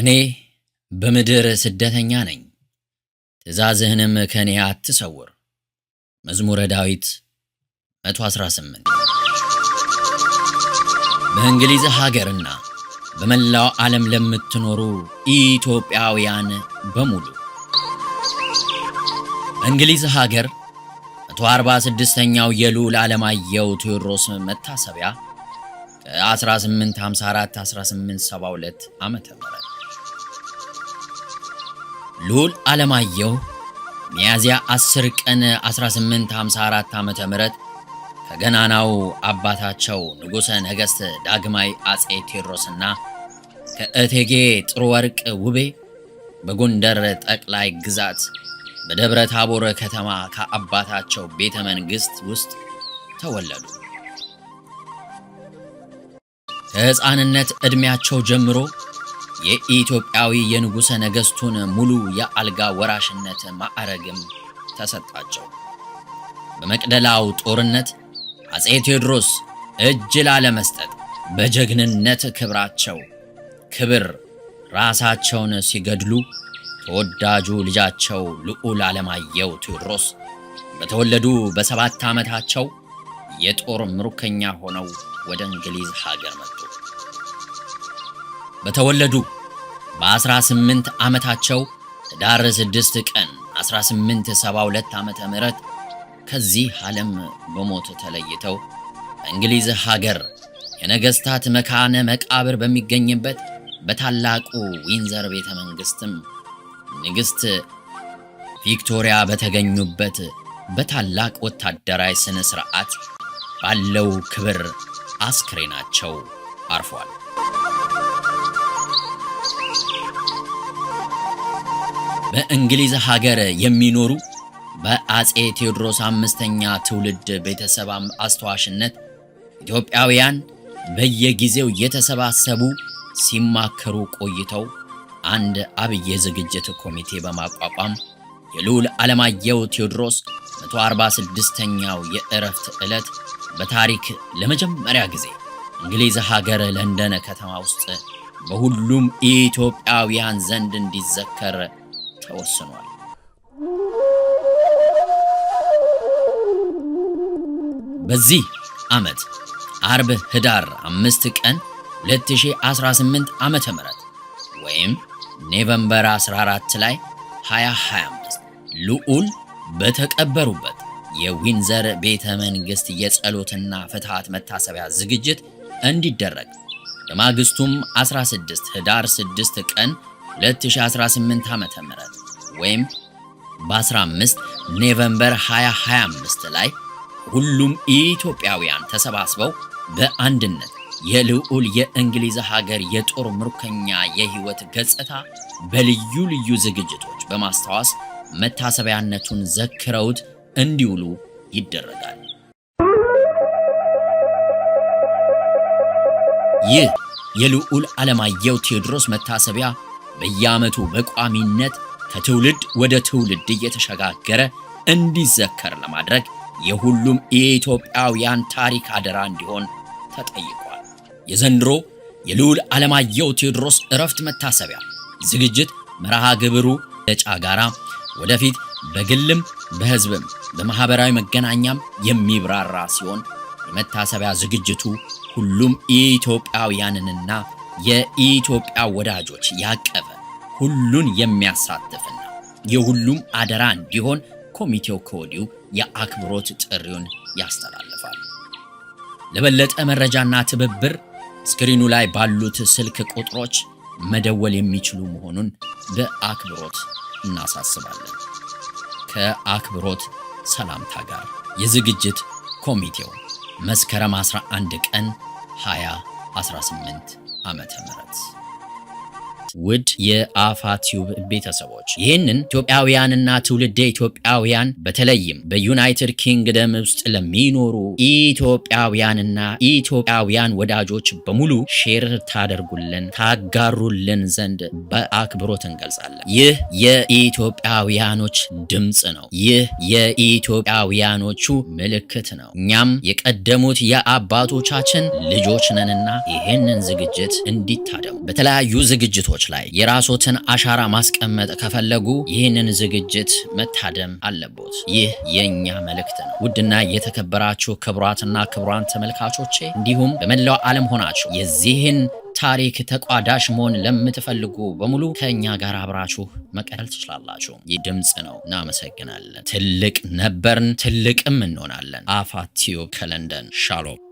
እኔ በምድር ስደተኛ ነኝ፣ ትእዛዝህንም ከእኔ አትሰውር። መዝሙረ ዳዊት 118 በእንግሊዝ ሀገርና በመላው ዓለም ለምትኖሩ ኢትዮጵያውያን በሙሉ በእንግሊዝ ሀገር 146ኛው የልዑል ዓለማየሁ ቴዎድሮስ መታሰቢያ ከ1854-1872 ም ልዑል ዓለማየሁ ሚያዝያ 10 ቀን 1854 ዓ.ም ከገናናው አባታቸው ንጉሠ ነገሥት ዳግማዊ አጼ ቴዎድሮስና ከእቴጌ ጥሩ ወርቅ ውቤ በጎንደር ጠቅላይ ግዛት በደብረ ታቦር ከተማ ከአባታቸው ቤተ መንግሥት ውስጥ ተወለዱ። ከሕፃንነት ዕድሜያቸው ጀምሮ የኢትዮጵያዊ የንጉሠ ነገሥቱን ሙሉ የአልጋ ወራሽነት ማዕረግም ተሰጣቸው። በመቅደላው ጦርነት አጼ ቴዎድሮስ እጅ ላለመስጠት በጀግንነት ክብራቸው ክብር ራሳቸውን ሲገድሉ ተወዳጁ ልጃቸው ልዑል ላለማየው ቴዎድሮስ በተወለዱ በሰባት ዓመታቸው የጦር ምሩከኛ ሆነው ወደ እንግሊዝ ሀገር መጡ። በተወለዱ በ18 ዓመታቸው ዳር 6 ቀን 1872 ዓመተ ምህረት ከዚህ ዓለም በሞት ተለይተው በእንግሊዝ ሀገር የነገሥታት መካነ መቃብር በሚገኝበት በታላቁ ዊንዘር ቤተ መንግሥትም ንግሥት ቪክቶሪያ በተገኙበት በታላቅ ወታደራዊ ሥነ ሥርዓት ባለው ክብር አስክሬናቸው አርፏል። በእንግሊዝ ሀገር የሚኖሩ በአጼ ቴዎድሮስ አምስተኛ ትውልድ ቤተሰብ አስተዋሽነት ኢትዮጵያውያን በየጊዜው እየተሰባሰቡ ሲማከሩ ቆይተው አንድ አብይ ዝግጅት ኮሚቴ በማቋቋም የልዑል ዓለማየሁ ቴዎድሮስ 146ኛው የእረፍት ዕለት በታሪክ ለመጀመሪያ ጊዜ እንግሊዝ ሀገር ለንደን ከተማ ውስጥ በሁሉም ኢትዮጵያውያን ዘንድ እንዲዘከር ተወስኗል። በዚህ ዓመት አርብ ህዳር አምስት ቀን 2018 ዓመተ ምህረት ወይም ኔቨምበር 14 ላይ 2025 ልዑል በተቀበሩበት የዊንዘር ቤተ መንግሥት የጸሎትና ፍትሐት መታሰቢያ ዝግጅት እንዲደረግ በማግስቱም 16 ህዳር 6 ቀን 2018 ዓ ም ወይም በ15 ኔቨምበር 2025 ላይ ሁሉም ኢትዮጵያውያን ተሰባስበው በአንድነት የልዑል የእንግሊዝ ሀገር የጦር ምርኮኛ የህይወት ገጽታ በልዩ ልዩ ዝግጅቶች በማስታወስ መታሰቢያነቱን ዘክረውት እንዲውሉ ይደረጋል። ይህ የልዑል ዓለማየሁ ቴዎድሮስ መታሰቢያ በየዓመቱ በቋሚነት ከትውልድ ወደ ትውልድ እየተሸጋገረ እንዲዘከር ለማድረግ የሁሉም የኢትዮጵያውያን ታሪክ አደራ እንዲሆን ተጠይቋል። የዘንድሮ የልዑል ዓለማየሁ ቴዎድሮስ እረፍት መታሰቢያ ዝግጅት መርሃ ግብሩ ለጫ ጋራ ወደፊት በግልም በሕዝብም በማኅበራዊ መገናኛም የሚብራራ ሲሆን የመታሰቢያ ዝግጅቱ ሁሉም የኢትዮጵያውያንንና የኢትዮጵያ ወዳጆች ያቀፈ ሁሉን የሚያሳትፍና የሁሉም አደራ እንዲሆን ኮሚቴው ከወዲሁ የአክብሮት ጥሪውን ያስተላልፋል። ለበለጠ መረጃና ትብብር ስክሪኑ ላይ ባሉት ስልክ ቁጥሮች መደወል የሚችሉ መሆኑን በአክብሮት እናሳስባለን። ከአክብሮት ሰላምታ ጋር የዝግጅት ኮሚቴው መስከረም 11 ቀን 2018 ዓ ም ውድ ቲዩብ ቤተሰቦች ይህንን ኢትዮጵያውያንና ትውልደ ኢትዮጵያውያን በተለይም በዩናይትድ ኪንግደም ውስጥ ለሚኖሩ ኢትዮጵያውያንና ኢትዮጵያውያን ወዳጆች በሙሉ ሼር ታደርጉልን ታጋሩልን ዘንድ በአክብሮት እንገልጻለን። ይህ የኢትዮጵያውያኖች ድምፅ ነው። ይህ የኢትዮጵያውያኖቹ ምልክት ነው። እኛም የቀደሙት የአባቶቻችን ልጆች ነንና ይህንን ዝግጅት እንዲታደሙ በተለያዩ ዝግጅቶች ሰዎች ላይ የራሶትን አሻራ ማስቀመጥ ከፈለጉ ይህንን ዝግጅት መታደም አለቦት። ይህ የእኛ መልእክት ነው። ውድና የተከበራችሁ ክቡራትና ክቡራን ተመልካቾቼ እንዲሁም በመላው ዓለም ሆናችሁ የዚህን ታሪክ ተቋዳሽ መሆን ለምትፈልጉ በሙሉ ከእኛ ጋር አብራችሁ መቀጠል ትችላላችሁ። ይህ ድምፅ ነው። እናመሰግናለን። ትልቅ ነበርን፣ ትልቅም እንሆናለን። አፋ ቲዩብ ከለንደን ሻሎም